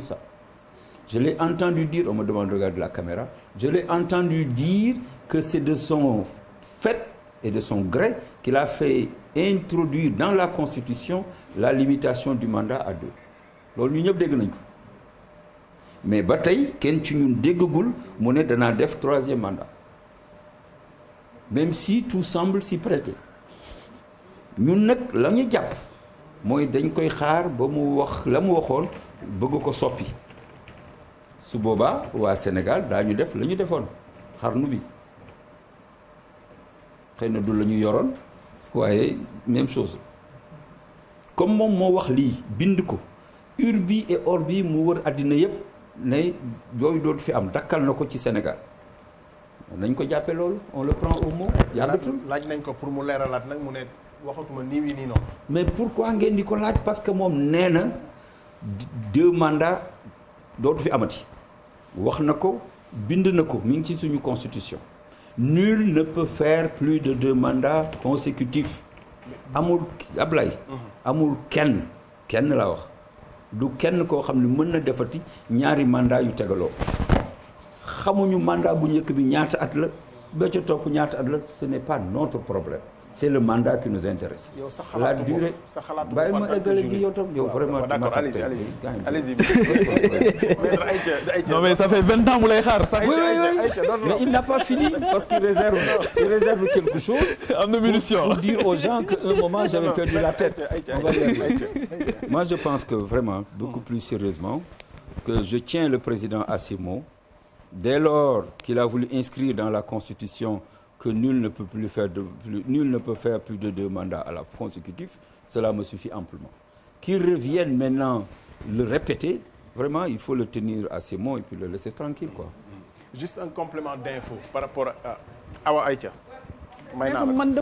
ça. Je l'ai entendu dire, on me demande de la caméra, je l'ai entendu dire que c'est de son fait et de son gré qu'il a fait introduire dans la Constitution la limitation du mandat à deux loolu ñu ñëpp dégg nañ ko mais ba tey kenn ci ñun déggagul mu ne danaa def troisième mandat même si tout semble si prêter ñun nag la ñu jàpp mooy dañ koy xaar ba mu wax la mu waxoon bëgg ko soppi su boobaa waa Sénégal daañu def la ñu defoon xarnu bi xëy na du la ñu yoroon waaye même chose comme moom moo wax lii bind ko urbi et orbi mu wër àddina yëpp ne jooy dootu fi am dakkal na ko ci Sénégal nañ ko jàppe loolu on le prend au mot laaj nañ ko pour mu leeralaat nag mu ne waxatuma nii wii nii noonu mais pourquoi ngeen di ko laaj parce que moom nee na deux mandats dootu fi amati wax na ko bind na ko mi ngi ci suñu constitution nul ne peut faire plus de deux mandats consécutifs amul Ablaye amul kenn kenn laa wax du kenn koo xam ne mën na defati ñaari mandat yu tegaloo xamuñu mandat bu njëkk bi ñaata at la ba ca topp ñaata at la ce n'est pas notre problème c'est le mandat qui nous intéresse. yow sa xalaatu bopp la durée bàyyi ma eggale gi yow tam yow vraiment. d'accord allez-y allez-y non mais ça fait vingt ans mu lay xaar sax. mais il n'a pas fini parce qu'il réserve il réserve quelque chose. am na munition pour dire aux gens que un moment j'avais perdu la tête. moi je pense que vraiment beaucoup plus sérieusement que je tiens le président à ses mots dès lors qu'il a voulu inscrire dans la constitution. que nul ne peut plus faire de plus, nul ne peut faire plus de deux mandats à la consécutif cela me suffit amplement qu'il revienne maintenant le répéter vraiment il faut le tenir à ses mots et puis le laisser tranquille quoi juste un complément d'info par rapport à Awa Aïcha may naa la